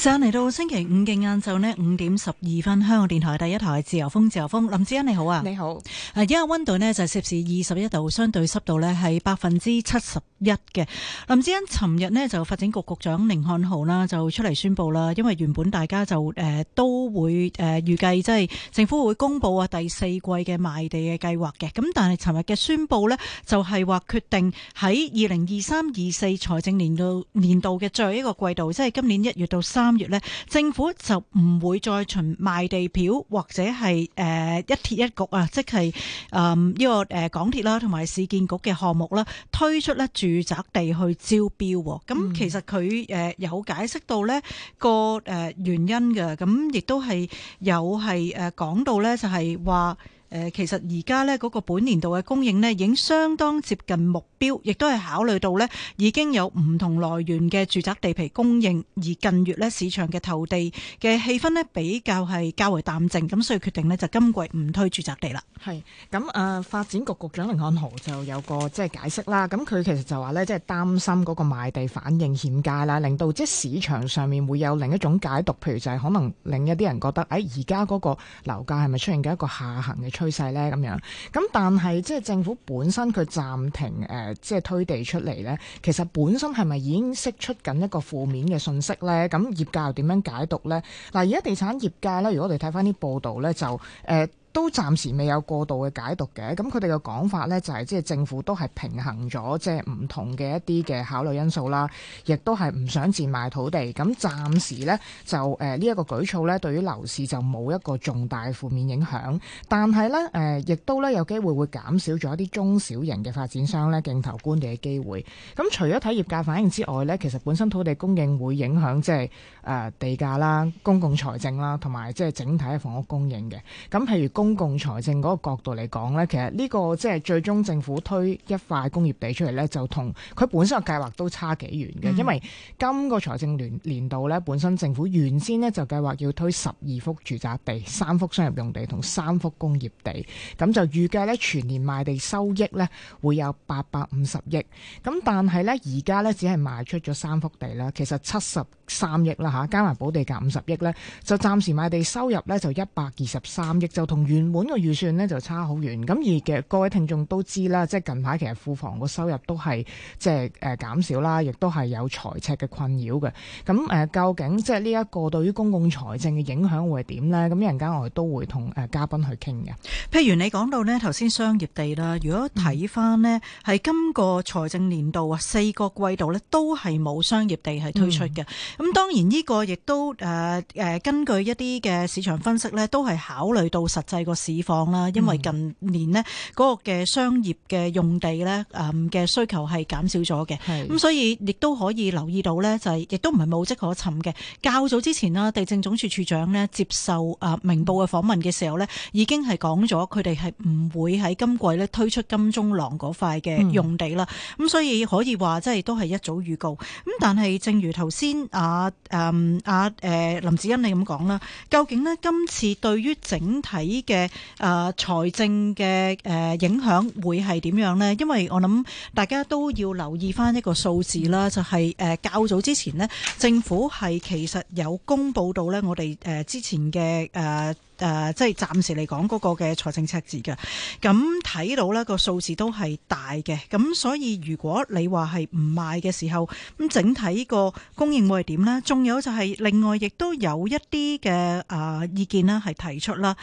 上嚟到星期五嘅晏晝呢，五點十二分，香港電台第一台係自由風，自由風，林子恩你好啊，你好。啊，而家溫度呢，就攝、是、氏二十一度，相對濕度呢，係百分之七十一嘅。林子恩，尋日呢，就發展局局長寧漢豪啦，就出嚟宣布啦。因為原本大家就誒、呃、都會誒預計，即、呃、係政府會公布啊第四季嘅賣地嘅計劃嘅。咁但係尋日嘅宣布呢，就係、是、話決定喺二零二三二四財政年度年度嘅最後一個季度，即、就、係、是、今年一月到三。三月咧，政府就唔會再循賣地表，或者係誒一鐵一局啊，即係誒呢個誒港鐵啦，同埋市建局嘅項目啦，推出咧住宅地去招標。咁其實佢誒有解釋到咧個誒原因嘅，咁亦都係有係誒講到咧就係話。誒、呃，其實而家呢嗰個本年度嘅供應呢，已經相當接近目標，亦都係考慮到呢已經有唔同來源嘅住宅地皮供應，而近月呢市場嘅投地嘅氣氛呢，比較係較為淡靜，咁所以決定呢，就今季唔推住宅地啦。係，咁啊、呃、發展局局長凌漢豪就有個即係解釋啦，咁佢其實就話呢，即係擔心嗰個賣地反應欠佳啦，令到即係市場上面會有另一種解讀，譬如就係可能另一啲人覺得誒而家嗰個樓價係咪出現緊一個下行嘅？趨勢咧咁樣，咁但係即係政府本身佢暫停誒，即、呃、係、就是、推地出嚟咧，其實本身係咪已經釋出緊一個負面嘅信息咧？咁業界又點樣解讀咧？嗱，而家地產業界咧，如果我哋睇翻啲報導咧，就誒。呃都暫時未有過度嘅解讀嘅，咁佢哋嘅講法咧就係即係政府都係平衡咗即係唔同嘅一啲嘅考慮因素啦，亦都係唔想賤賣土地。咁暫時咧就誒呢一個舉措咧，對於樓市就冇一個重大負面影響，但係咧誒亦都咧有機會會減少咗一啲中小型嘅發展商咧競投官地嘅機會，咁除咗睇業界反應之外咧，其實本身土地供應會影響即係誒地價啦、公共財政啦，同埋即係整體嘅房屋供應嘅。咁譬如公公共財政嗰個角度嚟講呢，其實呢個即係最終政府推一塊工業地出嚟呢，就同佢本身嘅計劃都差幾遠嘅。因為今個財政年年度呢，本身政府原先呢就計劃要推十二幅住宅地、三幅商業用地同三幅工業地，咁就預計呢，全年賣地收益呢會有八百五十億。咁但係呢，而家呢，只係賣出咗三幅地啦，其實七十三億啦嚇，加埋保地價五十億呢，就暫時賣地收入呢，就一百二十三億，就同預，原本嘅預算呢就差好遠，咁而嘅各位聽眾都知啦，即係近排其實庫房個收入都係即係誒減少啦，亦都係有財赤嘅困擾嘅。咁誒，究竟即係呢一個對於公共財政嘅影響會係點呢？咁一陣間我哋都會同誒嘉賓去傾嘅。譬如你講到呢頭先商業地啦，如果睇翻呢係今個財政年度啊，四個季度呢都係冇商業地係推出嘅。咁、嗯、當然呢個亦都誒誒、呃，根據一啲嘅市場分析呢，都係考慮到實際。個市況啦，因為近年呢嗰個嘅商業嘅用地咧誒嘅需求係減少咗嘅，咁所以亦都可以留意到咧，就係亦都唔係無迹可尋嘅。較早之前啦，地政總署署長咧接受誒明報嘅訪問嘅時候咧，已經係講咗佢哋係唔會喺今季咧推出金鐘廊嗰塊嘅用地啦。咁所以可以話即係都係一早預告。咁但係正如頭先阿誒阿誒林子欣你咁講啦，究竟呢？今次對於整體？嘅誒、啊、財政嘅誒、啊、影響會係點樣咧？因為我諗大家都要留意翻一個數字啦，就係、是、誒、啊、較早之前咧，政府係其實有公布到咧，我哋誒之前嘅誒誒，即係暫時嚟講嗰個嘅財政赤字嘅。咁睇到咧個數字都係大嘅，咁所以如果你話係唔賣嘅時候，咁整體個供應會係點咧？仲有就係另外，亦都有一啲嘅誒意見啦，係提出啦。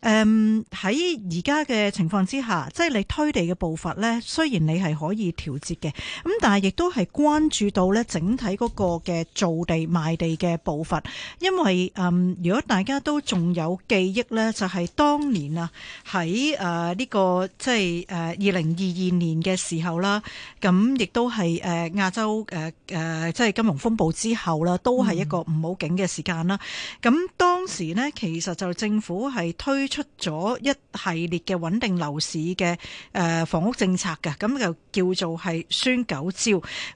誒喺而家嘅情況之下，即係你推地嘅步伐咧，雖然你係可以調節嘅，咁但係亦都係關注到咧整體嗰個嘅造地賣地嘅步伐，因為誒、嗯、如果大家都仲有記憶咧，就係、是、當年在啊喺誒呢個即係誒二零二二年嘅時候啦，咁、啊、亦都係誒、啊、亞洲誒誒、啊、即係金融風暴之後啦，都係一個唔好景嘅時間啦。咁、嗯、當時呢，其實就政府係推出咗一系列嘅穩定樓市嘅誒房屋政策嘅，咁就叫做係宣九招。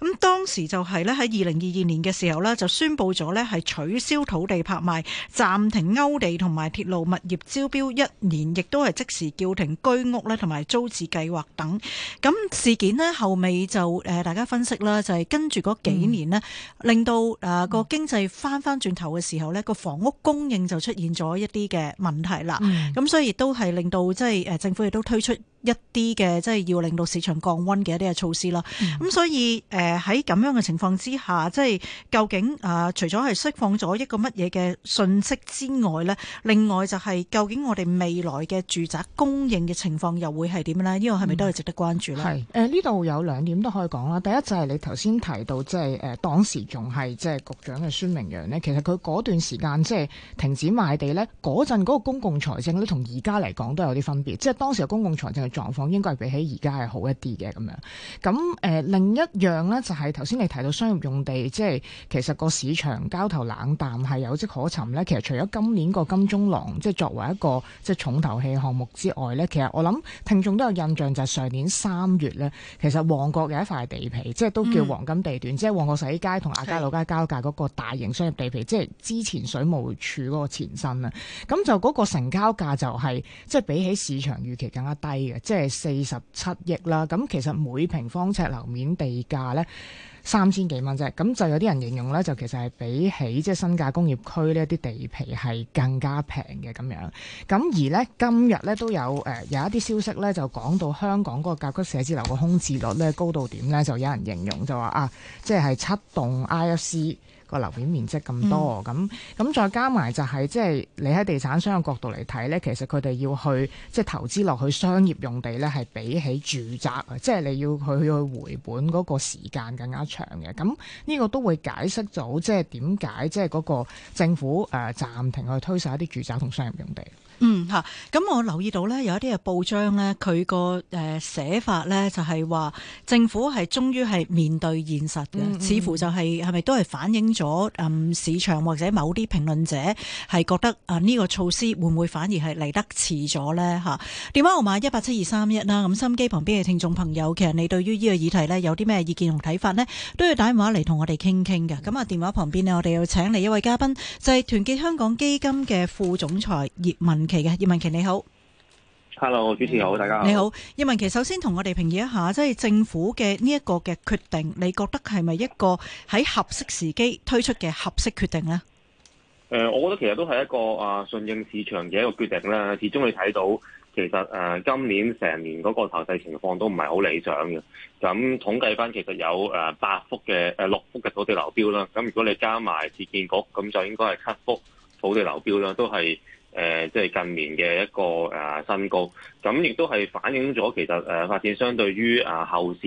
咁當時就係咧喺二零二二年嘅時候咧，就宣佈咗咧係取消土地拍賣、暫停勾地同埋鐵路物業招標一年，亦都係即時叫停居屋咧同埋租置計劃等。咁事件咧後尾就誒，大家分析啦，就係、是、跟住嗰幾年咧、嗯，令到誒個經濟翻翻轉頭嘅時候咧，個房屋供應就出現咗一啲嘅問題啦。嗯咁、嗯、所以亦都係令到即係誒政府亦都推出一啲嘅即係要令到市場降溫嘅一啲嘅措施啦。咁、嗯嗯、所以誒喺咁樣嘅情況之下，即係究竟啊、呃、除咗係釋放咗一個乜嘢嘅信息之外咧，另外就係究竟我哋未來嘅住宅供應嘅情況又會係點咧？呢、這個係咪都係值得關注咧？係誒呢度有兩點都可以講啦。第一就係你頭先提到即係誒當時仲係即係局長嘅孫明揚咧，其實佢嗰段時間即係停止賣地咧，嗰陣嗰個公共財政都同而家嚟講都有啲分別，即、就、係、是、當時嘅公共財政。狀況應該係比起而家係好一啲嘅咁樣。咁誒、呃、另一樣呢，就係頭先你提到商業用地，即係其實個市場交投冷淡係有跡可尋呢，其實除咗今年個金鐘廊，即係作為一個即係重頭戲項目之外呢，其實我諗聽眾都有印象就係上年三月呢，其實旺角有一塊地皮，即係都叫黃金地段、嗯，即係旺角洗衣街同亞皆老街交界嗰個大型商業地皮，是即係之前水務署嗰個前身啊。咁就嗰個成交價就係、是、即係比起市場預期更加低嘅。即係四十七億啦，咁其實每平方尺樓面地價呢，三千幾蚊啫，咁就有啲人形容呢，就其實係比起即係新界工業區呢啲地皮係更加平嘅咁樣。咁而呢，今日呢都有誒、呃、有一啲消息呢，就講到香港嗰個甲級寫字樓嘅空置率呢，高到點呢？就有人形容就話啊，即係七棟 IFC。個樓面面積咁多，咁、嗯、咁再加埋就係即係你喺地產商嘅角度嚟睇咧，其實佢哋要去即係、就是、投資落去商業用地咧，係比起住宅，即、就、係、是、你要去要去回本嗰個時間更加長嘅。咁呢個都會解釋咗，即係點解即係嗰個政府誒、呃、暫停去推售一啲住宅同商業用地。.嗯吓咁我留意到呢，有一啲嘅報章呢，佢個誒寫法呢，就係話政府係終於係面對現實嘅，嗯嗯，似乎就係係咪都係反映咗，嗯、市場或者某啲評論者係覺得啊呢、呢個措施會唔會反而係嚟得遲咗呢？吓電話號碼一八七二三一啦，咁心機旁邊嘅聽眾朋友，其實你對於呢個議題呢，有啲咩意見同睇法呢？都要打電話嚟同我哋傾傾嘅。咁啊電話旁邊呢，我哋要請嚟一位嘉賓，就係、是、團結香港基金嘅副總裁葉文。其葉文祺你好，Hello 主持人好，大家好。你好，葉文祺首先同我哋評議一下，即係政府嘅呢一個嘅決定，你覺得係咪一個喺合適時機推出嘅合適決定呢？誒，我覺得其實都係一個啊順應市場嘅一個決定啦。始終你睇到其實誒今年成年嗰個投遞情況都唔係好理想嘅。咁統計翻其實有誒八幅嘅誒六幅嘅土地流標啦。咁如果你加埋市建局，咁就應該係七幅土地流標啦，都係。誒，即係近年嘅一個誒新高，咁亦都係反映咗其實誒發展商相對於誒後市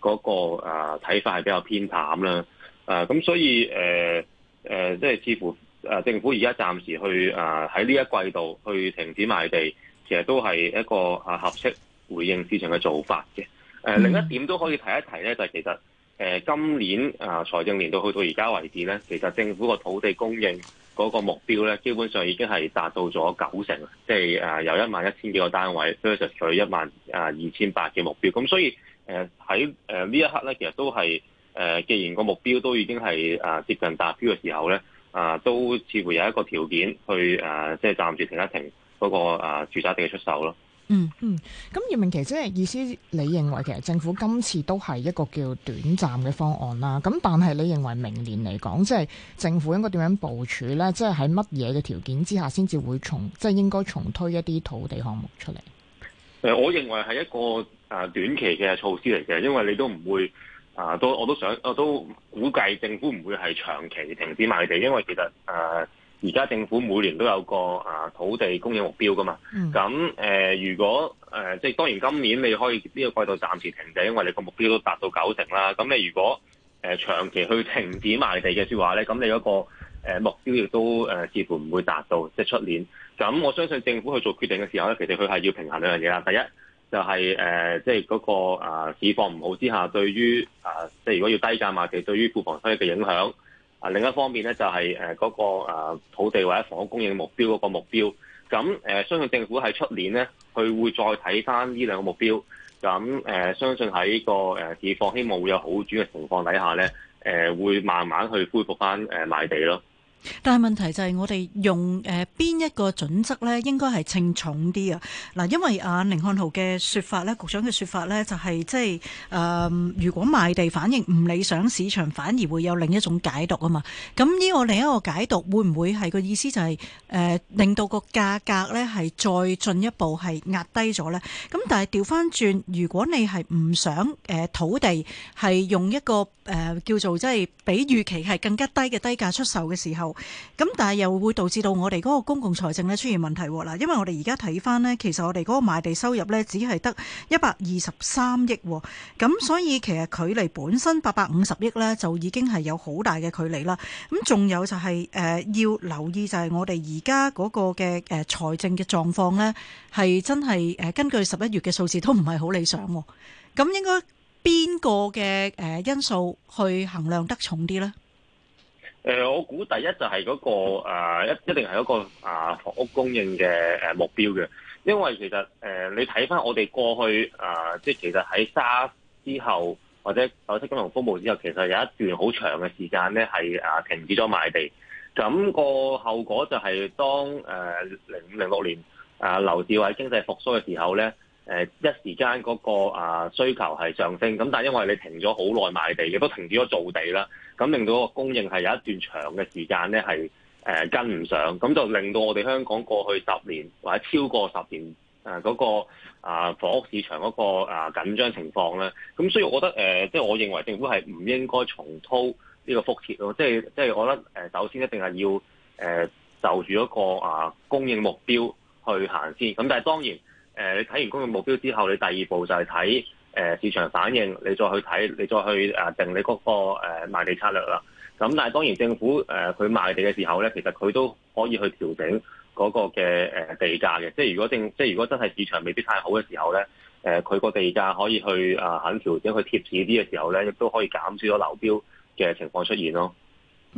嗰個睇法係比較偏淡啦。誒，咁所以誒誒，即、呃、係似乎誒政府而家暫時去誒喺呢一季度去停止賣地，其實都係一個合適回應市場嘅做法嘅。誒，另一點都可以提一提咧，就係其實，今年啊，財政年度去到而家為止，咧，其實政府個土地供應嗰個目標咧，基本上已經係達到咗九成，即係有一萬一千幾個單位，所以就取一萬二千八嘅目標。咁所以誒喺誒呢一刻咧，其實都係誒，既然個目標都已經係接近達標嘅時候咧，啊都似乎有一個條件去誒，即係暫時停一停嗰個住宅地嘅出售咯。嗯嗯，咁葉文祺，即係意思，你認為其實政府今次都係一個叫短暫嘅方案啦。咁但係你認為明年嚟講，即係政府應該點樣部署咧？即係喺乜嘢嘅條件之下，先至會重，即係應該重推一啲土地項目出嚟？誒，我認為係一個誒短期嘅措施嚟嘅，因為你都唔會啊，都我都想，我都估計政府唔會係長期停止賣地，因為其實誒。呃而家政府每年都有個啊土地供應目標噶嘛，咁誒、呃、如果誒即係當然今年你可以呢個季度暫時停止，因為你個目標都達到九成啦。咁你如果誒、呃、長期去停止賣地嘅説話咧，咁你嗰個目標亦都誒、呃、似乎唔會達到，即係出年。咁我相信政府去做決定嘅時候咧，其實佢係要平衡兩樣嘢啦。第一就係誒即係嗰個、呃、市況唔好之下，對於啊、呃、即係如果要低價賣地，對於庫房收益嘅影響。啊，另一方面咧就係誒嗰個土地或者房屋供應的目標嗰個目標，咁誒相信政府喺出年咧，佢會再睇翻呢兩個目標，咁誒相信喺個誒市況希望會有好轉嘅情況底下咧，誒會慢慢去恢復翻誒賣地咯。但係問題就係我哋用誒邊一個準則咧，應該係稱重啲啊！嗱，因為阿寧漢豪嘅說法咧，局長嘅說法咧、就是，就係即係、呃、如果賣地反應唔理想，市場反而會有另一種解讀啊嘛。咁呢個另一個解讀會唔會係個意思就係、是、誒、呃、令到個價格咧係再進一步係壓低咗咧？咁但係調返轉，如果你係唔想誒、呃、土地係用一個誒、呃、叫做即係比預期係更加低嘅低價出售嘅時候。咁但係又會導致到我哋嗰個公共財政咧出現問題喎。嗱，因為我哋而家睇翻呢，其實我哋嗰個賣地收入呢，只係得一百二十三億，咁所以其實距離本身八百五十億呢，就已經係有好大嘅距離啦。咁仲有就係、是、誒、呃、要留意就係我哋而家嗰個嘅誒財政嘅狀況呢，係真係誒根據十一月嘅數字都唔係好理想。咁應該邊個嘅誒因素去衡量得重啲呢？誒，我估第一就係嗰個誒一一定係一個啊房屋供應嘅誒目標嘅，因為其實誒，你睇返我哋過去誒，即係其實喺沙之後或者首飾金融風暴之後，其實有一段好長嘅時間咧係啊停止咗賣地，咁個後果就係當誒零五零六年啊樓市喺經濟復甦嘅時候咧。誒一時間嗰個啊需求係上升，咁但係因為你停咗好耐賣地亦都停止咗造地啦，咁令到個供應係有一段長嘅時間咧係誒跟唔上，咁就令到我哋香港過去十年或者超過十年誒嗰個啊房屋市場嗰個啊緊張情況咧，咁所以我覺得誒，即係我認為政府係唔應該重操呢個覆轍咯，即係即係我覺得誒，首先一定係要誒就住一個啊供應目標去行先，咁但係當然。誒，你睇完公共目標之後，你第二步就係睇誒市場反應，你再去睇，你再去誒定你嗰個誒賣地策略啦。咁但係當然政府誒佢賣地嘅時候咧，其實佢都可以去調整嗰個嘅誒地價嘅。即係如果政，即係如果真係市場未必太好嘅時候咧，誒佢個地價可以去誒肯調整去貼市啲嘅時候咧，亦都可以減少咗流標嘅情況出現咯。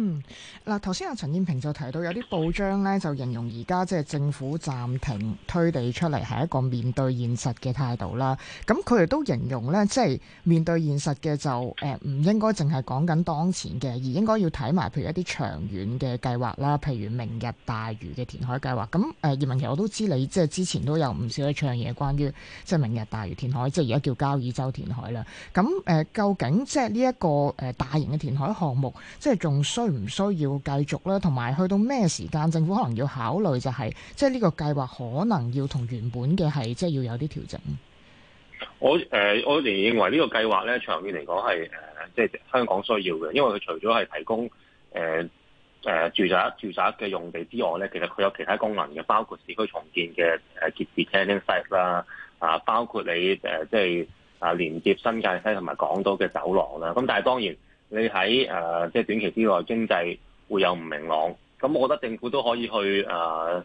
嗯，嗱，頭先阿陳燕萍就提到有啲報章咧，就形容而家即係政府暫停推地出嚟係一個面對現實嘅態度啦。咁佢亦都形容咧，即係面對現實嘅就誒唔應該淨係講緊當前嘅，而應該要睇埋譬如一啲長遠嘅計劃啦，譬如明日大嶼嘅填海計劃，咁誒葉文祺，我都知道你即係之前都有唔少嘅唱嘢關於即係明日大嶼填海，即係而家叫交椅洲填海啦。咁誒究竟即係呢一個誒大型嘅填海項目，即係仲需？唔需要繼續啦，同埋去到咩時間，政府可能要考慮就係、是，即係呢個計劃可能要同原本嘅係，即係要有啲調整。我誒、呃，我仍然認為呢個計劃咧，長遠嚟講係誒，即係香港需要嘅，因為佢除咗係提供誒誒、呃呃、住宅、住宅嘅用地之外咧，其實佢有其他功能嘅，包括市區重建嘅誒 decanting site 啦，啊，包括你誒、呃，即係啊，連接新界西同埋港島嘅走廊啦。咁、嗯、但係當然。你喺誒即係短期之內，經濟會有唔明朗，咁我覺得政府都可以去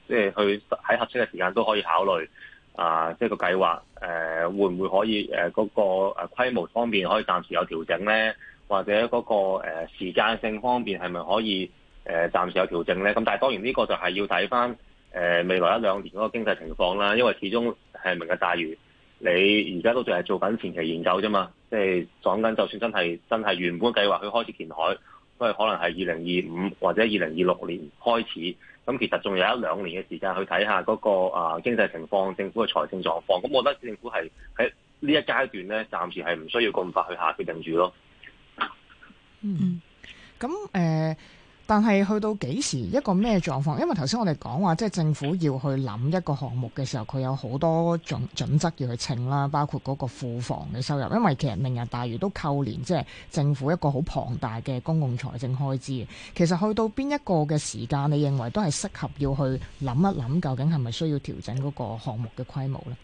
即係去喺合適嘅時間都可以考慮啊，即係個計劃誒會唔會可以嗰個規模方面可以暫時有調整咧，或者嗰個時間性方面係咪可以誒暫時有調整咧？咁但係當然呢個就係要睇翻未來一兩年嗰個經濟情況啦，因為始終係明日大嶼。你而家都仲係做緊前期研究啫嘛，即係講緊就算真係真係原本計劃去開始填海，都係可能係二零二五或者二零二六年開始，咁其實仲有一兩年嘅時間去睇下嗰個啊經濟情況、政府嘅財政狀況，咁我覺得政府係喺呢一階段咧，暫時係唔需要咁快去下決定住咯。嗯，咁誒。呃但係去到幾時一個咩狀況？因為頭先我哋講話，即係政府要去諗一個項目嘅時候，佢有好多準準則要去稱啦，包括嗰個庫房嘅收入。因為其實明日大嶼都扣年，即係政府一個好龐大嘅公共財政開支。其實去到邊一個嘅時間，你認為都係適合要去諗一諗，究竟係咪需要調整嗰個項目嘅規模呢？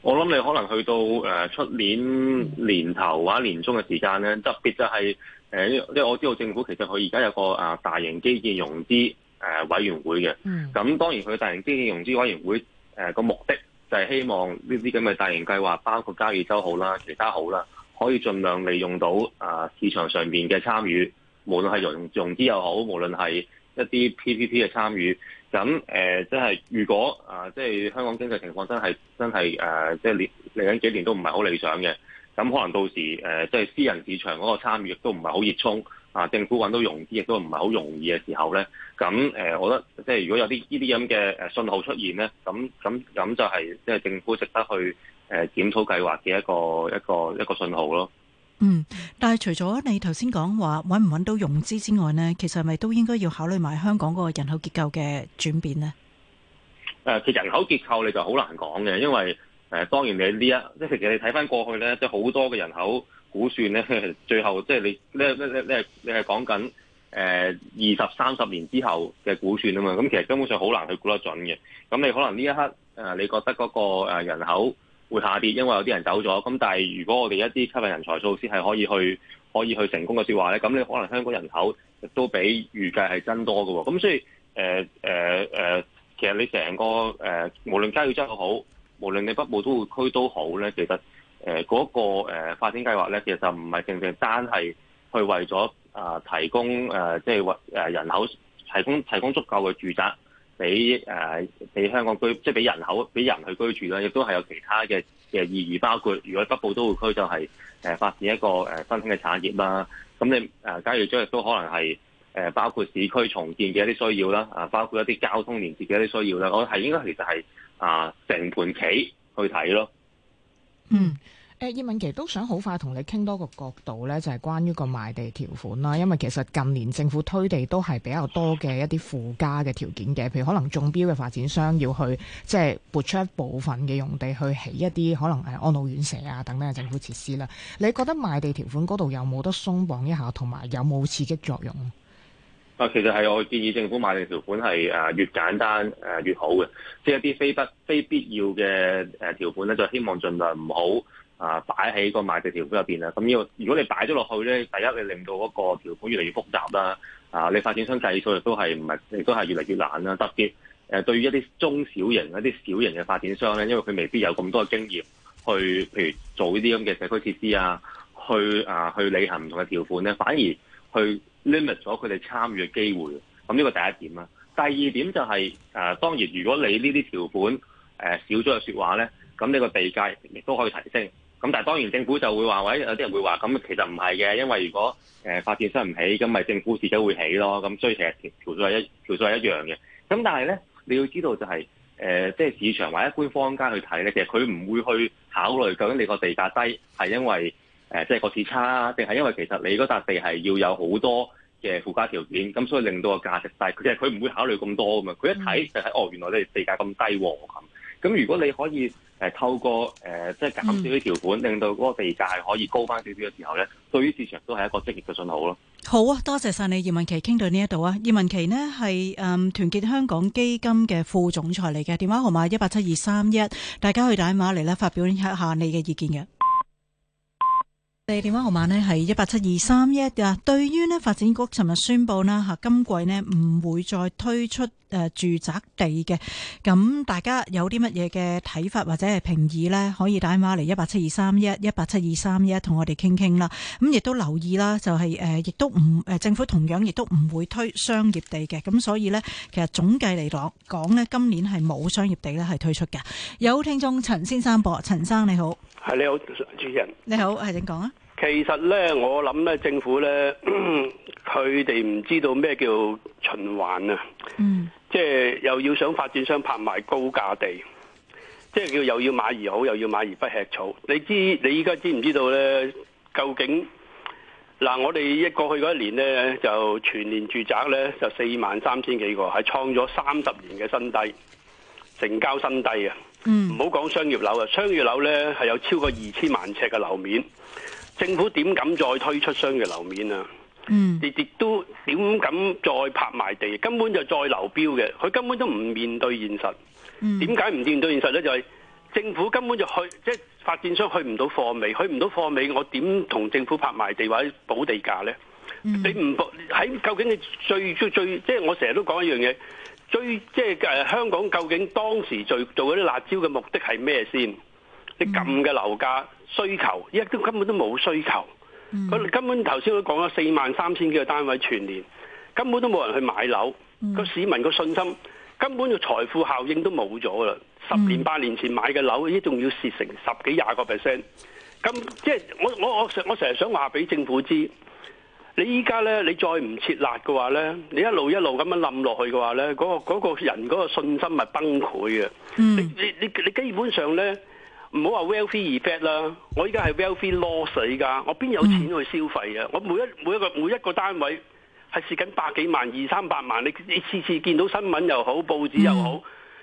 我諗你可能去到誒出年年頭或者年中嘅時間呢，嗯，特別就係。誒，因為我知道政府其實佢而家有個啊大型基建融資誒委員會嘅，咁當然佢大型基建融資委員會誒個目的就係希望呢啲咁嘅大型計劃，包括交椅洲好啦，其他好啦，可以盡量利用到啊市場上面嘅參與，無論係融融資又好，無論係一啲 PPP 嘅參與。咁誒，即、呃、係、就是、如果啊，即、就、係、是、香港經濟情況真係真係誒，即係嚟緊幾年都唔係好理想嘅。咁可能到時誒，即、呃、係、就是、私人市場嗰個參與亦都唔係好熱衷啊，政府搵到融資亦都唔係好容易嘅時候咧。咁誒、呃，我覺得即係、就是、如果有啲呢啲咁嘅信號出現咧，咁咁咁就係即係政府值得去誒檢討計劃嘅一個一個一個信號咯。嗯，但係除咗你頭先講話揾唔揾到融資之外咧，其實係咪都應該要考慮埋香港嗰個人口結構嘅轉變咧？誒，其實人口結構你就好難講嘅，因為誒、呃，當然你呢一即係其實你睇翻過去咧，即係好多嘅人口估算咧，最後即係、就是、你咧咧咧咧，你係講緊誒二十三十年之後嘅估算啊嘛，咁其實根本上好難去估得準嘅。咁你可能呢一刻誒，你覺得嗰個誒人口會下跌，因為有啲人走咗。咁但係，如果我哋一啲吸引人才措施係可以去可以去成功嘅説話咧，咁你可能香港人口亦都比預計係增多喎。咁所以，誒、呃、誒、呃、其實你成個誒、呃，無論街市真好，無論你北部都會區都好咧，其實誒嗰、呃嗰個誒發展計劃咧，其實就唔係淨淨單係去為咗啊提供誒，即、呃、係人口提供提供足夠嘅住宅。俾誒，俾、啊、香港居，即係俾人口，俾人去居住啦，亦都係有其他嘅嘅意義，包括如果北部都會區就係誒發展一個誒新興嘅產業啦。咁你誒，假如將亦都可能係誒、啊，包括市區重建嘅一啲需要啦，啊，包括一啲交通連接嘅一啲需要啦。我覺得係應該其實係啊，成盤棋去睇咯。嗯。誒葉文祺都想好快同你傾多個角度咧，就係關於個賣地條款啦。因為其實近年政府推地都係比較多嘅一啲附加嘅條件嘅，譬如可能中標嘅發展商要去即係撥出一部分嘅用地去起一啲可能係安老院舍啊等等嘅政府設施啦。你覺得賣地條款嗰度有冇得鬆綁一下，同埋有冇刺激作用啊？其實係我建議政府賣地條款係越簡單越好嘅，即係一啲非不非必要嘅條款咧，就希望儘量唔好。啊！擺喺個賣地條款入面啦，咁呢個如果你擺咗落去咧，第一你令到嗰個條款越嚟越複雜啦，啊！你發展商計數亦都係唔係亦都係越嚟越難啦，特別誒、啊、對於一啲中小型、一啲小型嘅發展商咧，因為佢未必有咁多經驗去，譬如做呢啲咁嘅社區設施啊，去啊去履行唔同嘅條款咧，反而去 limit 咗佢哋參與嘅機會。咁呢個第一點啦，第二點就係、是、誒、啊、當然，如果你呢啲條款、啊、少咗嘅説話咧，咁呢個地價亦都可以提升。咁但係當然政府就會話，或者有啲人會話，咁其實唔係嘅，因為如果誒發展商唔起，咁咪政府自己會起咯。咁所以其實條數係一條數係一樣嘅。咁但係咧，你要知道就係即係市場或一般坊間去睇咧，其實佢唔會去考慮究竟你個地價低係因為即係、呃就係、個市差，定係因為其實你嗰笪地係要有好多嘅附加條件，咁所以令到個價值低。其實佢唔會考慮咁多嘅嘛，佢一睇、嗯、就係哦，原來你地價咁低喎、啊、咁。咁如果你可以誒透過誒即係減少啲條款，嗯、令到嗰個地價可以高翻少少嘅時候咧，對於市場都係一個積極嘅信號咯。好啊，多謝晒你葉文祺，傾到呢一度啊。葉文祺呢係誒團結香港基金嘅副總裁嚟嘅，電話號碼一八七二三一，大家去打電話嚟啦，發表一下你嘅意見嘅。電話號碼咧係一八七二三一啊。對於咧發展局尋日宣布吓，今季咧唔會再推出誒住宅地嘅，咁大家有啲乜嘢嘅睇法或者係評議呢？可以打電話嚟，一八七二三一一八七二三一，同我哋傾傾啦。咁亦都留意啦，就是，就係誒，亦都唔誒政府同樣亦都唔會推商業地嘅。咁所以呢，其實總計嚟講，講今年係冇商業地呢係推出嘅。有聽眾陳先生噃，陳生你好。係你好主持人，你好，係請講啊。其實咧，我諗咧，政府咧，佢哋唔知道咩叫循環啊。嗯，即係又要想發展商拍賣高價地，即係叫又要馬兒好，又要馬兒不吃草。你知你依家知唔知道咧？究竟嗱，我哋一過去嗰一年咧，就全年住宅咧就四萬三千幾個，係創咗三十年嘅新低，成交新低啊。嗯，唔好講商業樓啊，商業樓咧係有超過二千萬尺嘅樓面。政府點敢再推出商嘅樓面啊？你、嗯、亦都點敢再拍賣地？根本就再流標嘅，佢根本都唔面對現實。點解唔面對現實咧？就係、是、政府根本就去即係發展商去唔到貨尾，去唔到貨尾，我點同政府拍賣地或者補地價咧、嗯？你唔喺究竟你最最最即係我成日都講一樣嘢，最、最即、最即、呃、香港究竟當時最做做嗰啲辣招嘅目的係咩先？你撳嘅樓價。嗯，樓價需求而家都根本都冇需求，佢、嗯、根本頭先都講咗四萬三千幾個單位全年，根本都冇人去買樓。個、嗯、市民個信心根本就財富效應都冇咗啦。十年八年前買嘅樓，一仲要蝕成十幾廿個 percent。咁即係我我我我成日想話俾政府知，你依家咧你再唔設立嘅話咧，你一路一路咁樣冧落去嘅話咧，嗰、嗰個嗰個人嗰個信心咪崩潰嘅、嗯。你你你你基本上咧。唔好話 wealth effect 啦，我依家係 wealth loss 噶，我邊有錢去消費啊、嗯？我每一每一個每一個單位係蝕緊百幾萬、二三百萬，你次次見到新聞又好，報紙又好，嗯、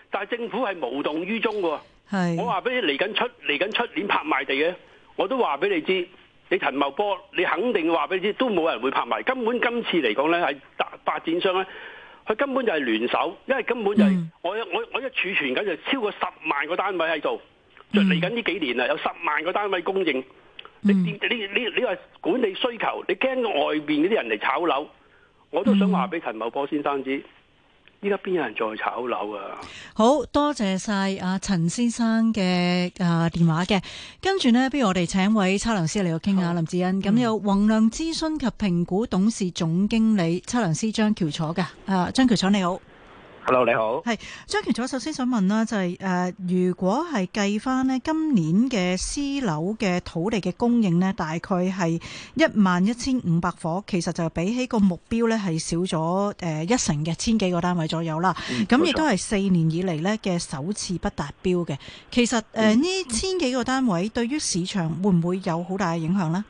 但係政府係無動於衷喎。係我話俾你嚟緊出嚟緊出年拍賣地嘅，我都話俾你知，你陳茂波你肯定話俾你知，都冇人會拍賣。根本今次嚟講咧，係大發展商咧，佢根本就係聯手，因為根本就係、是嗯、我我我一儲存緊就超過十萬個單位喺度。就嚟緊呢幾年啦，有十萬個單位供應，你、嗯、你你你話管理需求，你驚外面嗰啲人嚟炒樓，我都想話俾陳茂波先生知，依家邊有人再炒樓啊？好多謝晒阿陳先生嘅誒電話嘅，跟住呢，不如我哋請一位測量師嚟度傾下，林志恩咁、嗯、有泓亮諮詢及評估董事總經理測量師張翹楚噶，誒、啊，張翹楚你好。Hello，你好。係張翹楚，首先想問啦，就係、是、誒、呃，如果係計翻咧今年嘅私樓嘅土地嘅供應咧，大概係一萬一千五百伙，其實就比起個目標呢，係少咗誒一成嘅千幾個單位左右啦。咁、嗯、亦都係四年以嚟咧嘅首次不達標嘅。其實誒呢、呃嗯、千幾個單位對於市場會唔會有好大嘅影響呢？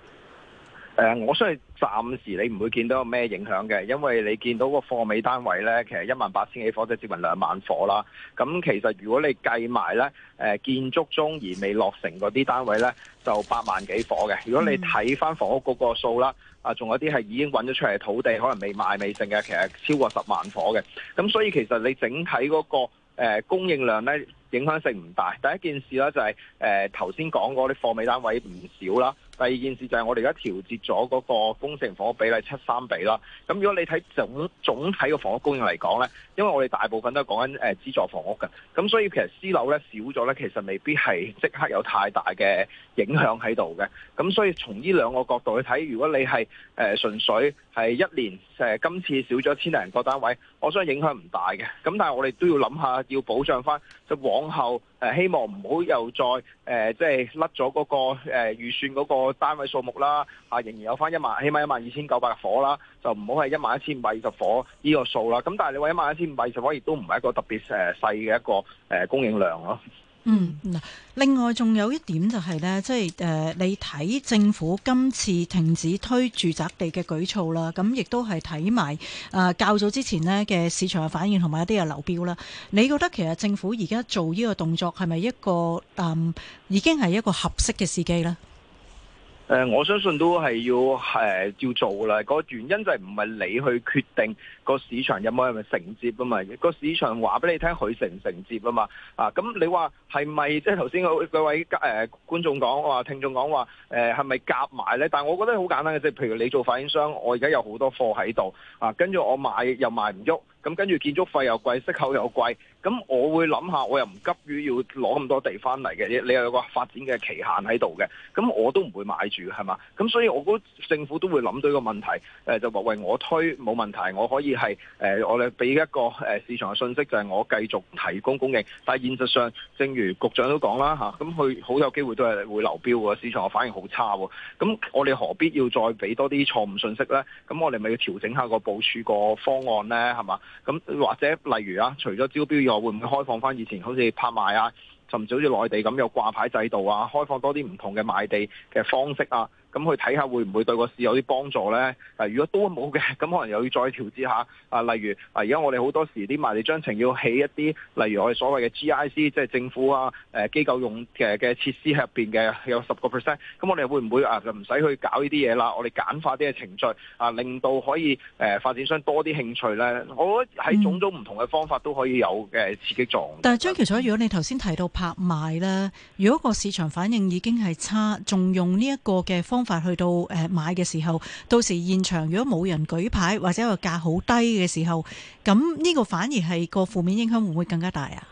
誒、呃，我需要。暫時你唔會見到有咩影響嘅，因為你見到個貨尾單位呢，其實一萬八千幾火都、就係、接近兩萬火啦。咁其實如果你計埋呢誒建築中而未落成嗰啲單位呢，就八萬幾火嘅。如果你睇返房屋嗰個數啦，啊仲有啲係已經揾咗出嚟土地，可能未賣未剩嘅，其實超過十萬火嘅。咁所以其實你整體嗰個供應量呢，影響性唔大。第一件事呢、就係，就係誒頭先講嗰啲貨尾單位唔少啦。第二件事就係我哋而家調節咗嗰個公營房屋比例七三比啦。咁如果你睇總總體嘅房屋供應嚟講呢，因為我哋大部分都係講緊誒資助房屋嘅，咁所以其實私樓呢少咗呢，其實未必係即刻有太大嘅影響喺度嘅。咁所以從呢兩個角度去睇，如果你係誒純粹係一年今次少咗千零個單位，我相信影響唔大嘅。咁但係我哋都要諗下要保障翻，就往後。希望唔好又再誒，即係甩咗嗰個誒、呃、預算嗰個單位數目啦，嚇、啊、仍然有翻一萬，起碼一萬二千九百火啦，就唔好係一萬一千五百二十火呢個數啦。咁但係你話一萬一千五百二十火，亦都唔係一個特別誒細嘅一個誒、呃、供應量咯。嗯，嗱，另外仲有一點就係、係、咧，即係誒，你睇政府今次停止推住宅地嘅舉措啦，咁亦都係睇埋誒較早之前呢嘅市場嘅反應同埋一啲嘅流標啦。你覺得其實政府而家做呢個動作係咪一個誒、嗯、已經係一個合適嘅時機呢？誒、呃，我相信都係要誒照、呃、做啦。個原因就係唔係你去決定個市場有冇係咪承接啊嘛，個市場話俾你聽佢承唔承接啊嘛。啊，咁你話係咪即係頭先嗰位誒、呃、觀眾講話聽眾講話誒係咪夾埋咧？但係我覺得好簡單嘅，即係譬如你做發展商，我而家有好多貨喺度啊，跟住我賣又賣唔喐，咁跟住建築費又貴，息口又貴。咁我會諗下，我又唔急於要攞咁多地翻嚟嘅，你又有個發展嘅期限喺度嘅，咁我都唔會買住係嘛？咁所以我估政府都會諗到呢個問題，就話喂，我推冇問題，我可以係、呃、我哋俾一個市場嘅信息，就係、係、我繼續提供供應。但係現實上，正如局長都講啦嚇，咁佢好有機會都係會流標喎，市場反應好差喎。咁我哋何必要再俾多啲錯誤信息呢？咁我哋咪要調整下個部署個方案呢，係嘛？咁或者例如啊，除咗招標用。會唔會開放翻以前好似拍賣啊，甚至好似內地咁有掛牌制度啊，開放多啲唔同嘅賣地嘅方式啊？咁去睇下會唔會對個市有啲幫助呢？啊、如果都冇嘅，咁可能又要再調節下。啊，例如啊，而家我哋好多時啲賣地章程要起一啲，例如我哋所謂嘅 GIC，即係政府啊、誒、啊、機構用嘅嘅、啊、設施入面嘅有十個 percent，咁我哋會唔會啊就唔使去搞呢啲嘢啦？我哋簡化啲嘅程序啊，令到可以誒、啊、發展商多啲興趣呢。我覺得係種種唔同嘅方法都可以有嘅刺激作用、嗯。但係張翹楚、嗯，如果你頭先提到拍賣呢，如果個市場反應已經係差，仲用呢一個嘅方？去到誒買嘅時候，到時現場如果冇人舉牌或者個價好低嘅時候，咁呢個反而係個負面影響會唔會更加大啊？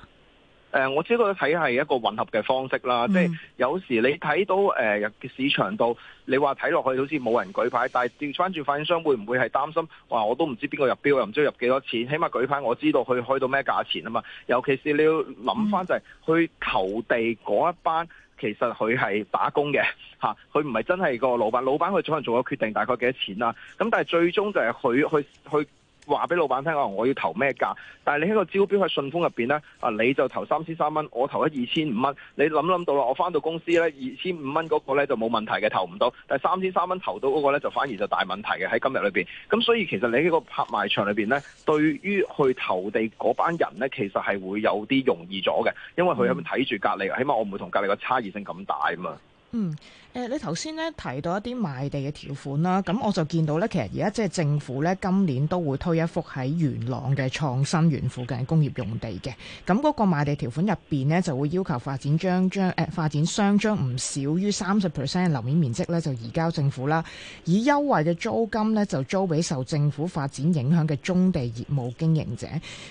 誒、呃，我知道睇係一個混合嘅方式啦，嗯、即係有時你睇到誒、呃、市場度，你話睇落去好似冇人舉牌，但係調翻轉發展商會唔會係擔心？哇！我都唔知邊個入標又唔知入幾多錢，起碼舉牌我知道佢開到咩價錢啊嘛。尤其是你要諗翻就係去投地嗰一班、嗯。其實佢係打工嘅，嚇，佢唔係真係個老闆，老闆佢可能做個決定，大概幾多錢啦、啊，咁但係最終就係佢，佢，佢。話俾老闆聽，我我要投咩價？但係你喺個招標喺信封入邊呢，啊你就投三千三蚊，我投咗二千五蚊。你諗諗到啦，我翻到公司 2, 呢，二千五蚊嗰個呢就冇問題嘅，投唔到。但係三千三蚊投到嗰個呢，就反而就大問題嘅喺今日裏邊。咁所以其實你喺個拍賣場裏邊呢，對於去投地嗰班人呢，其實係會有啲容易咗嘅，因為佢喺度睇住隔籬，起碼我唔會同隔籬個差異性咁大啊嘛。嗯。呃、你頭先咧提到一啲賣地嘅條款啦，咁我就見到咧，其實而家即係政府咧，今年都會推一幅喺元朗嘅創新園附近工業用地嘅，咁嗰個賣地條款入面呢，就會要求發展將將、呃、發展商將唔少於三十 percent 嘅樓面面積咧，就移交政府啦，以優惠嘅租金咧，就租俾受政府發展影響嘅棕地業務經營者。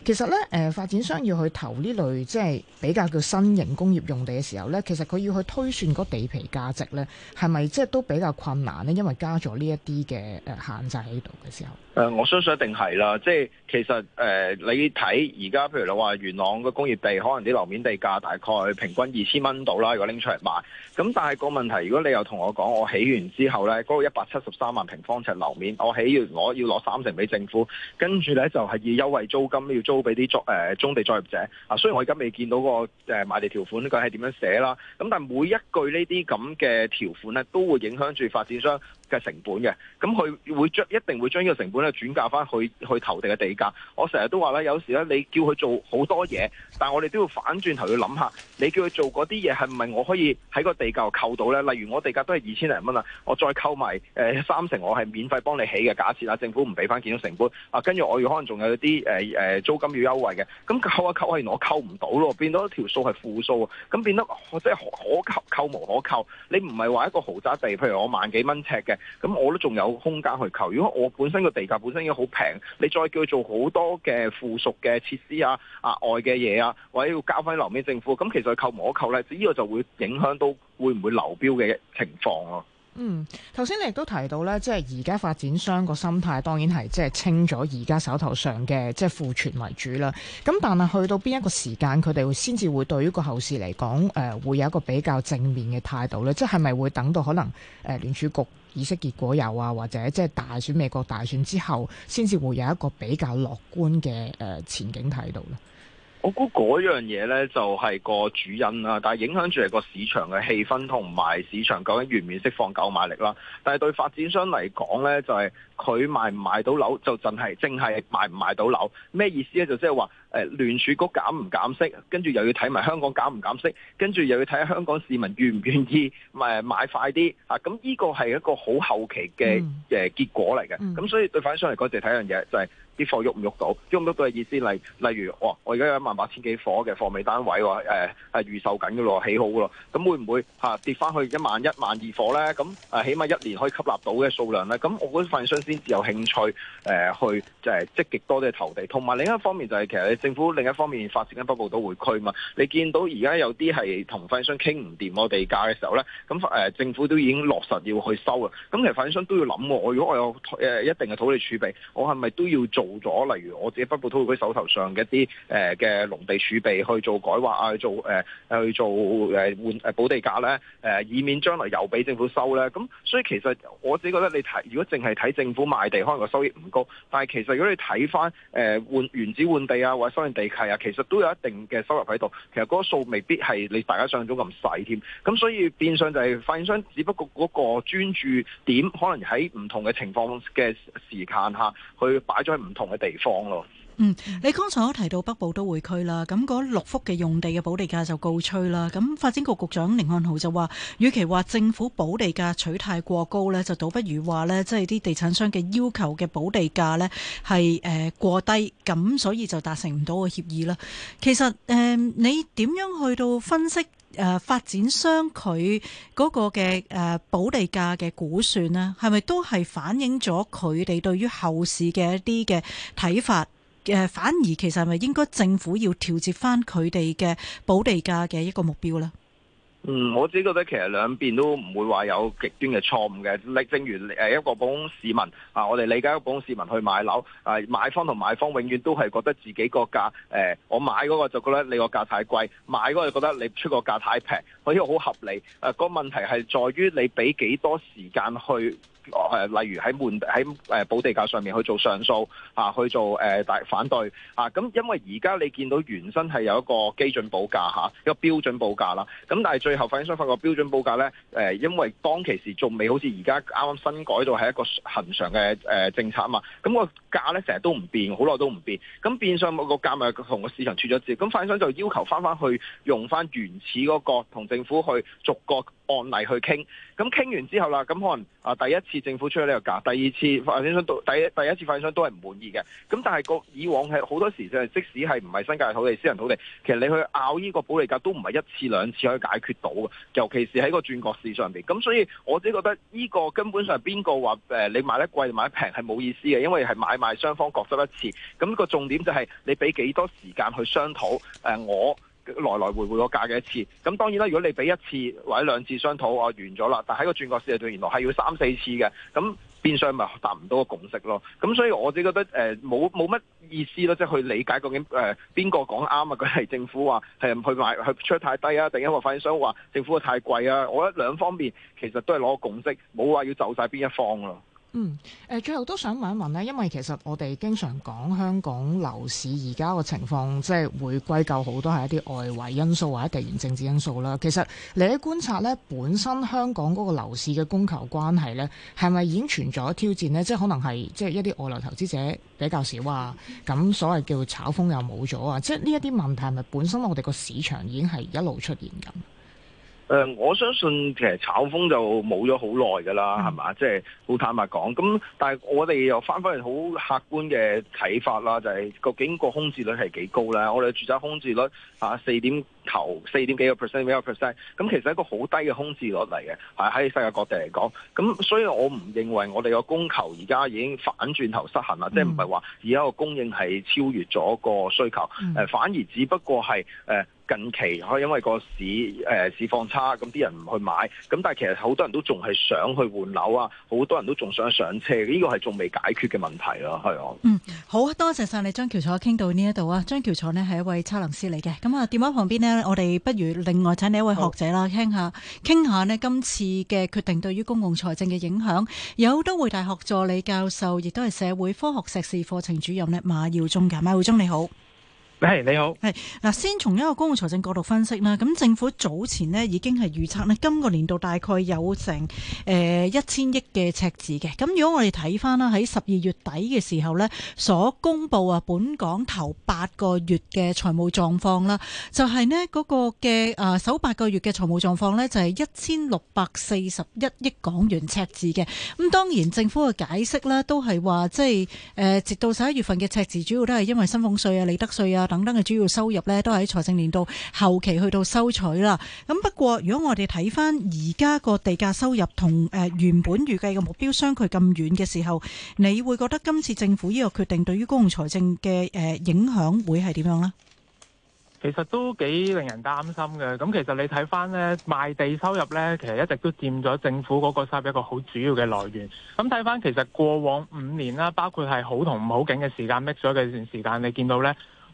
其實咧，誒、呃、發展商要去投呢類即係比較叫新型工業用地嘅時候咧，其實佢要去推算個地皮價值咧。係咪即係都比較困難咧？因為加咗呢一啲嘅誒限制喺度嘅時候。誒、呃，我相信一定係啦。即係其實誒、呃，你睇而家譬如你話元朗嘅工業地，可能啲樓面地價大概平均二千蚊到啦。如果拎出嚟賣，咁但係個問題，如果你又同我講，我起完之後呢嗰、那個一百七十三萬平方尺樓面，我起完我要攞三成俾政府，跟住呢就係要優惠租金，要租俾啲作誒中地作業者啊。雖然我而家未見到、那個誒、呃、買地條款，佢係點樣寫啦。咁但係每一句呢啲咁嘅條款呢，都會影響住發展商嘅成本嘅，咁佢會將一定會將呢個成本咧轉嫁翻去去投地嘅地價。我成日都話咧，有時咧你叫佢做好多嘢，但我哋都要反轉頭去諗下，你叫佢做嗰啲嘢係唔係我可以喺個地價扣到咧？例如我地價都係二千零蚊啊，我再扣埋、呃、三成，我係免費幫你起嘅。假設啦，政府唔俾翻建築成本啊，跟住我要可能仲有啲、呃、租金要優惠嘅，咁扣一扣係我扣唔到咯，變到條數係負數啊，咁變得即係可扣扣無可扣。你唔係話一個豪宅地，譬如我萬幾蚊尺嘅。咁我都仲有空間去扣。如果我本身個地價本身已經好平，你再叫佢做好多嘅附屬嘅設施啊、額外嘅嘢啊，或者要交翻啲樓面政府，咁其實扣唔可扣呢？呢、這個就會影響到會唔會流標嘅情況咯、啊。嗯，頭先你亦都提到呢，即係而家發展商個心態當然係即係清咗而家手頭上嘅即係庫存為主啦。咁但係去到邊一個時間，佢哋會先至會對於個後市嚟講，誒、呃、會有一個比較正面嘅態度呢？即係咪會等到可能誒、呃、聯儲局？意識結果有啊，或者即係大選美國大選之後，先至會有一個比較樂觀嘅誒前景態度咯。我估嗰樣嘢呢，就係個主因啦，但係影響住係個市場嘅氣氛同埋市場究竟願唔願釋放購買力啦。但係對發展商嚟講呢，就係佢賣唔賣到樓就淨係淨係賣唔賣到樓咩意思呢？就即係話。誒聯儲局減唔減息，跟住又要睇埋香港減唔減息，跟住又要睇下香港市民願唔願意誒買快啲啊！咁、這、呢個係一個好後期嘅誒結果嚟嘅。咁、嗯嗯、所以對反商嚟講，就係睇樣嘢，就係啲貨喐唔喐到？喐唔喐到嘅意思，例例如，我而家有一萬八千幾貨嘅貨尾單位喎，誒係預售緊嘅咯，起好嘅咯，咁會唔會嚇跌翻去一萬一萬二貨咧？咁誒起碼一年可以吸納到嘅數量咧？咁我覺得反商先至有興趣誒、呃、去就係積極多啲投地，同埋另一方面就係、是、其實你政府另一方面發展緊北部都會區嘛，你見到而家有啲係同發展商傾唔掂我地價嘅時候咧，咁誒政府都已經落實要去收啊。咁其實發展商都要諗，我如果我有誒一定嘅土地儲備，我係咪都要做咗？例如我自己北部都會區手頭上嘅一啲誒嘅農地儲備去做改劃啊，去做誒、呃、去做誒換誒補地價咧，誒、呃、以免將來又俾政府收咧。咁所以其實我自己覺得你睇，如果淨係睇政府賣地，可能個收益唔高。但係其實如果你睇翻誒換原址換地啊，或者收緊地契啊，其實都有一定嘅收入喺度，其實嗰個數未必係你大家想象中咁細添，咁所以變相就係發展商只不過嗰個專注點，可能喺唔同嘅情況嘅時間下，去擺咗喺唔同嘅地方咯。嗯，你剛才提到北部都會區啦，咁嗰六幅嘅用地嘅保地價就告吹啦。咁發展局局長甯漢豪就話，與其話政府保地價取態過高呢，就倒不如話呢，即係啲地產商嘅要求嘅保地價呢係誒過低，咁所以就達成唔到個協議啦。其實誒、呃，你點樣去到分析誒、呃、發展商佢嗰個嘅誒、呃、保地價嘅估算呢？係咪都係反映咗佢哋對於後市嘅一啲嘅睇法？誒，反而其實係咪應該政府要調節翻佢哋嘅保地價嘅一個目標呢？嗯，我自己覺得其實兩邊都唔會話有極端嘅錯誤嘅。你正如誒一個普通市民啊，我哋理解一個普通市民去買樓啊，買方同買方永遠都係覺得自己個價誒，我買嗰個就覺得你個價太貴，買嗰個就覺得你出個價太平。佢呢個好合理，誒、啊、個問題係在於你俾幾多時間去誒、啊，例如喺門喺誒補地價上面去做上訴，嚇、啊、去做誒大、啊、反對，嚇、啊、咁因為而家你見到原身係有一個基準補價嚇，啊、一個標準補價啦，咁、啊、但係最後發展商發覺標準補價咧，誒、啊、因為當其時仲未好似而家啱啱新改到係一個恒常嘅誒、啊、政策啊嘛，咁、嗰個價咧成日都唔變，好耐都唔變，咁變相嗰個價咪同個市場脫咗節，咁發展商就要求翻翻去用翻原始嗰個同。政府去逐個案例去傾，咁傾完之後啦，咁可能啊第一次政府出咗呢個價，第二次發展商都第一第一次發展商都係唔滿意嘅。咁但係個以往係好多時就係即使係唔係新界土地私人土地，其實你去拗呢個保利價都唔係一次兩次可以解決到嘅，尤其是喺個轉角市上邊。咁所以我只覺得呢個根本上邊個話誒你買得貴定買得平係冇意思嘅，因為係買賣雙方各執一詞。咁、那個重點就係你俾幾多時間去商討誒、呃、我。來來回回我價嘅一次，咁當然啦，如果你俾一次或者兩次商討，啊、完咗啦，但喺個轉角市場度，原來係要三四次嘅，咁變相咪達唔到個共識咯。咁所以我只覺得誒，冇冇乜意思咯，即係去理解究竟誒邊個講啱啊，佢係政府話係去買去出太低啊，定因為發展商話政府太貴啊？我覺得兩方面其實都係攞個共識，冇話要就晒邊一方咯。嗯，誒，最後都想問一問咧，因為其實我哋經常講香港樓市而家個情況，即係會歸咎好多係一啲外圍因素或者地緣政治因素啦。其實你喺觀察咧，本身香港嗰個樓市嘅供求關係咧，係咪已經存在咗挑戰呢？即係可能係即係一啲外來投資者比較少啊，咁、嗯、所謂叫炒風又冇咗啊，即係呢一啲問題係咪本身我哋個市場已經係一路出現咁？誒、呃，我相信其實炒風就冇咗好耐㗎啦，係、嗯、嘛？即係好坦白講，咁但係我哋又翻返嚟好客觀嘅睇法啦，就係、是、究竟個空置率係幾高咧？我哋住宅空置率啊四點。求四點幾個 percent，幾個 percent 咁，其實一個好低嘅空置率嚟嘅，係喺世界各地嚟講。咁所以我唔認為我哋個供求而家已經反轉頭失衡啦，即係唔係話而家個供應係超越咗個需求？誒，反而只不過係誒近期可因為個市誒市況差，咁啲人唔去買。咁但係其實好多人都仲係想去換樓啊，好多人都仲想上車。呢個係仲未解決嘅問題啦，係啊。啊、嗯，好多謝晒你張橋楚傾到呢一度啊，張橋楚呢係一位測量師嚟嘅。咁啊，電話旁邊呢。我哋不如另外請你一位學者啦，傾下傾下咧今次嘅決定對於公共財政嘅影響，有都會大學助理教授，亦都係社會科學碩士課程主任咧馬耀宗嘅，馬耀宗你好。係、hey, 你好，係嗱，先從一個公共財政角度分析啦。咁政府早前咧已經係預測咧，今個年，年度大概有成誒一千億嘅赤字嘅。咁如果我哋睇翻啦，喺十二月底嘅時候呢所公布啊，本港頭八個月嘅財務狀況啦，就係呢嗰個嘅啊首八個月嘅財務狀況呢就係一千六百四十一億港元赤字嘅。咁當然政府嘅解釋呢都係話，即係誒直到十一月份嘅赤字，主要都係因為薪俸稅啊、利得稅啊。等等嘅主要收入呢，都喺財政年度後期去到收取啦。咁不過，如果我哋睇翻而家個地價收入同誒，呃、原本預計嘅目標相距咁遠嘅時候，你會覺得今次政府呢個決定對於公共財政嘅誒，呃、影響會係點樣呢？其實都幾令人擔心嘅。咁其實你睇翻呢，賣地收入呢，其實一直都佔咗政府嗰個收入一個好主要嘅來源。咁睇翻其實過往五年啦，包括係好同唔好景嘅時間搣咗嗰段時間，你見到呢。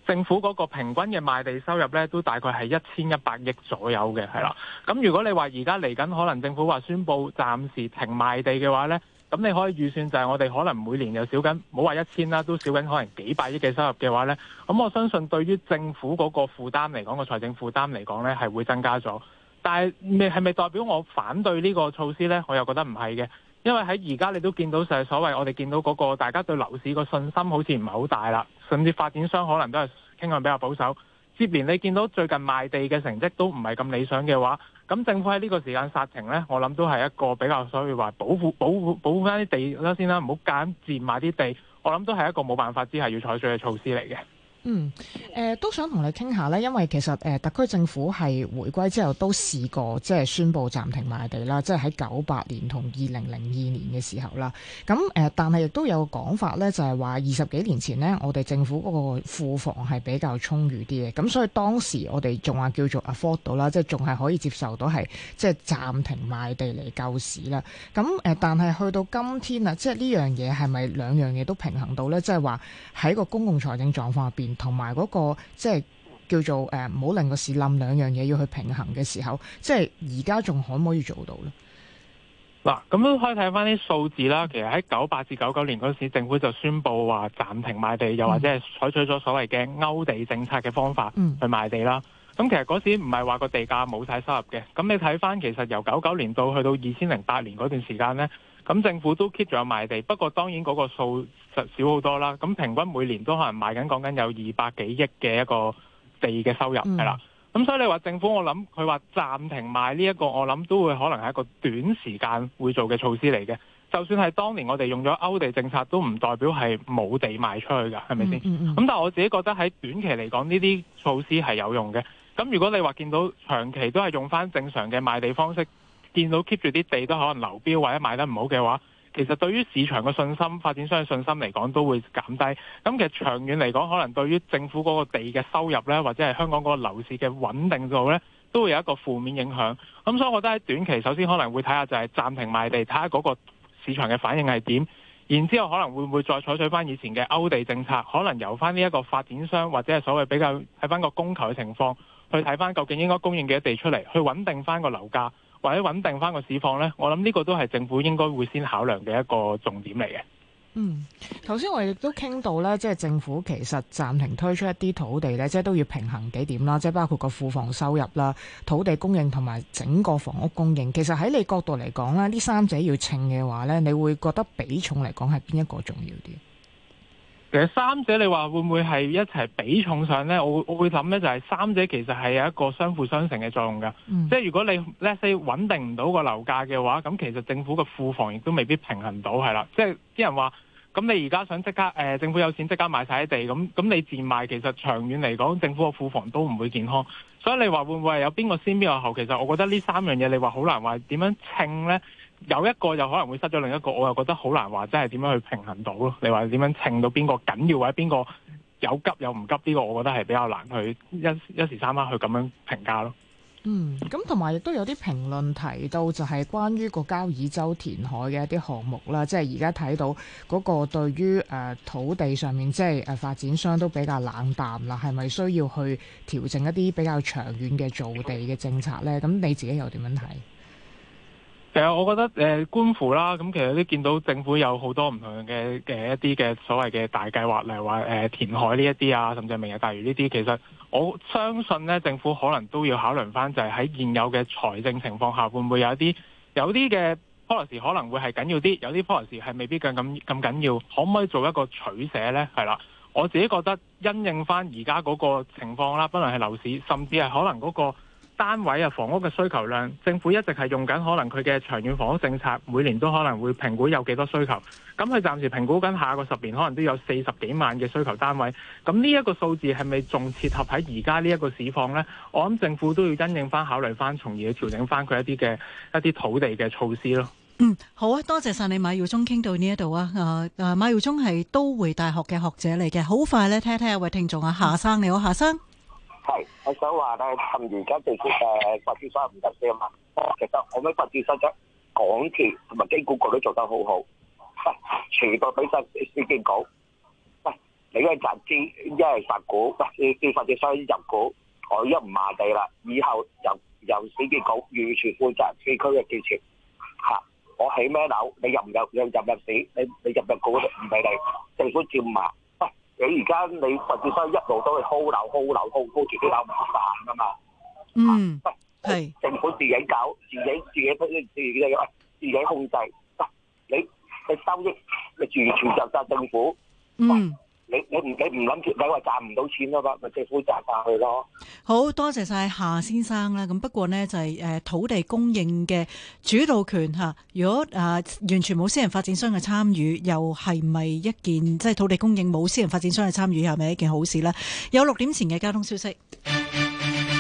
政府嗰個平均嘅賣地收入呢，都大概係一千一百億左右嘅，係啦。咁如果你話而家嚟緊可能政府話宣布暫時停賣地嘅話呢，咁你可以預算就係我哋可能每年又少緊，冇話一千啦，都少緊可能幾百億嘅收入嘅話呢。咁我相信對於政府嗰個負擔嚟講，個財政負擔嚟講呢係會增加咗。但係係咪代表我反對呢個措施呢？我又覺得唔係嘅，因為喺而家你都見到就係所謂我哋見到嗰個大家對樓市個信心好似唔係好大啦。甚至發展商可能都係傾向比較保守。接連你見到最近賣地嘅成績都唔係咁理想嘅話，咁政府喺呢個時間殺停呢，我諗都係一個比較所謂話保護保護保護翻啲地啦先啦，唔好間接賣啲地，我諗都係一個冇辦法之下要採取嘅措施嚟嘅。嗯、呃，都想同你傾下咧，因為其實、呃、特區政府係回歸之後都試過即係、就是、宣布暫停賣地啦，即係喺九八年同二零零二年嘅時候啦。咁、呃、但係亦都有個講法咧，就係、是、話二十幾年前咧，我哋政府嗰個庫房係比較充裕啲嘅，咁所以當時我哋仲話叫做 afford 到啦，即係仲係可以接受到係即係暫停賣地嚟救市啦。咁、呃、但係去到今天啊，即係呢樣嘢係咪兩樣嘢都平衡到咧？即係話喺個公共財政狀況入邊。同埋嗰個即係叫做誒唔好令個市冧，兩樣嘢要去平衡嘅時候，即係而家仲可唔可以做到咧？嗱、嗯，咁都可以睇翻啲數字啦。其實喺九八至九九年嗰時，政府就宣布話暫停賣地，又或者係採取咗所謂嘅勾地政策嘅方法去賣地啦。咁其實嗰時唔係話個地價冇晒收入嘅。咁你睇翻其實由九九年到去到二千零八年嗰段時間呢。咁政府都 keep 咗賣地，不過當然嗰個數實少好多啦。咁平均每年都可能賣緊講緊有二百幾億嘅一個地嘅收入係、嗯、啦。咁所以你話政府，我諗佢話暫停賣呢、這、一個，我諗都會可能係一個短時間會做嘅措施嚟嘅。就算係當年我哋用咗歐地政策，都唔代表係冇地賣出去㗎，係咪先？咁、嗯嗯、但我自己覺得喺短期嚟講，呢啲措施係有用嘅。咁如果你話見到長期都係用返正常嘅賣地方式。見到 keep 住啲地都可能流標，或者賣得唔好嘅話，其實對於市場嘅信心、發展商嘅信心嚟講，都會減低。咁其實長遠嚟講，可能對於政府嗰個地嘅收入呢，或者係香港嗰個樓市嘅穩定度呢，都會有一個負面影響。咁所以我覺得喺短期，首先可能會睇下就係暫停賣地，睇下嗰個市場嘅反應係點。然之後可能會唔會再採取翻以前嘅勾地政策，可能由翻呢一個發展商或者係所謂比較睇翻個供求嘅情況，去睇翻究竟應該供應幾多地出嚟，去穩定翻個樓價。或者穩定翻個市況呢，我諗呢個都係政府應該會先考量嘅一個重點嚟嘅。嗯，頭先我亦都傾到呢，即係政府其實暫停推出一啲土地呢，即係都要平衡幾點啦，即係包括個庫房收入啦、土地供應同埋整個房屋供應。其實喺你角度嚟講呢，呢三者要稱嘅話呢，你會覺得比重嚟講係邊一個重要啲？其實三者你話會唔會係一齊比重上呢？我會我會諗呢就係三者其實係有一個相輔相成嘅作用㗎、嗯。即係如果你 let's say 穩定唔到個樓價嘅話，咁其實政府嘅庫房亦都未必平衡到係啦。即係啲人話咁你而家想即刻、呃、政府有錢即刻賣晒啲地咁，咁你賤賣，其實長遠嚟講政府個庫房都唔會健康。所以你話會唔會係有邊個先邊個後？其實我覺得呢三樣嘢你話好難話點樣稱呢？有一個就可能會失咗另一個，我又覺得好難話，真係點樣去平衡到咯？你話點樣稱到邊個緊要或者邊個有急有唔急？呢個我覺得係比較難去一一時三刻去咁樣評價咯。嗯，咁同埋亦都有啲評論提到，就係關於個交椅洲填海嘅一啲項目啦，即係而家睇到嗰個對於誒土地上面即係誒發展商都比較冷淡啦，係咪需要去調整一啲比較長遠嘅造地嘅政策咧？咁你自己又點樣睇？其、呃、實我覺得誒、呃，官府啦，咁其實都見到政府有好多唔同嘅嘅、呃、一啲嘅所謂嘅大計劃，例如話填海呢一啲啊，甚至明日大嶼呢啲，其實我相信呢政府可能都要考慮翻，就係喺現有嘅財政情況下，會唔會有一啲有啲嘅，policy 可能會係緊要啲，有啲 policy 係未必咁咁咁緊要，可唔可以做一個取捨呢？係啦，我自己覺得因應翻而家嗰個情況啦，不能係樓市，甚至係可能嗰、那個。單位啊，房屋嘅需求量，政府一直係用緊可能佢嘅長遠房屋政策，每年都可能會評估有幾多需求。咁佢暫時評估緊下個十年可能都有四十幾萬嘅需求單位。咁呢一個數字係咪仲切合喺而家呢一個市況呢？我諗政府都要因應翻，考慮翻，從而調整翻佢一啲嘅一啲土地嘅措施咯。嗯，好啊，多謝晒你馬耀宗傾到呢一度啊。誒，馬耀宗係、啊啊、都會大學嘅學者嚟嘅。好快咧，聽一聽啊，位聽眾啊，夏生，你好，夏生。係，我想話咧，趁而家政府誒發展商唔得啊嘛，其實我啲發展商即港鐵同埋基建局都做得好好，全部畀晒市建局、啊。你一係集資，一係發股，你你發展商入股，我一唔賣地啦，以後由由市建局完全負責市區嘅建設。吓、啊，我起咩樓，你入唔入？入入市，你你入入股都唔畀你，政府接埋。你而家你發展商一路都係耗流耗流耗耗自己搞唔散㗎嘛？嗯，係、啊、政府自己搞，自己自己出，自己自己控制。啊、你你收益咪完全就晒政府。啊、嗯。你我唔你唔諗住，你話賺唔到錢噶嘛，咪政府賺返佢咯。好多謝晒夏先生啦。咁不過呢就係誒土地供應嘅主導權吓，如果誒完全冇私人發展商嘅參與，又係咪一件即係土地供應冇私人發展商嘅參與，係咪一件好事呢？有六點前嘅交通消息。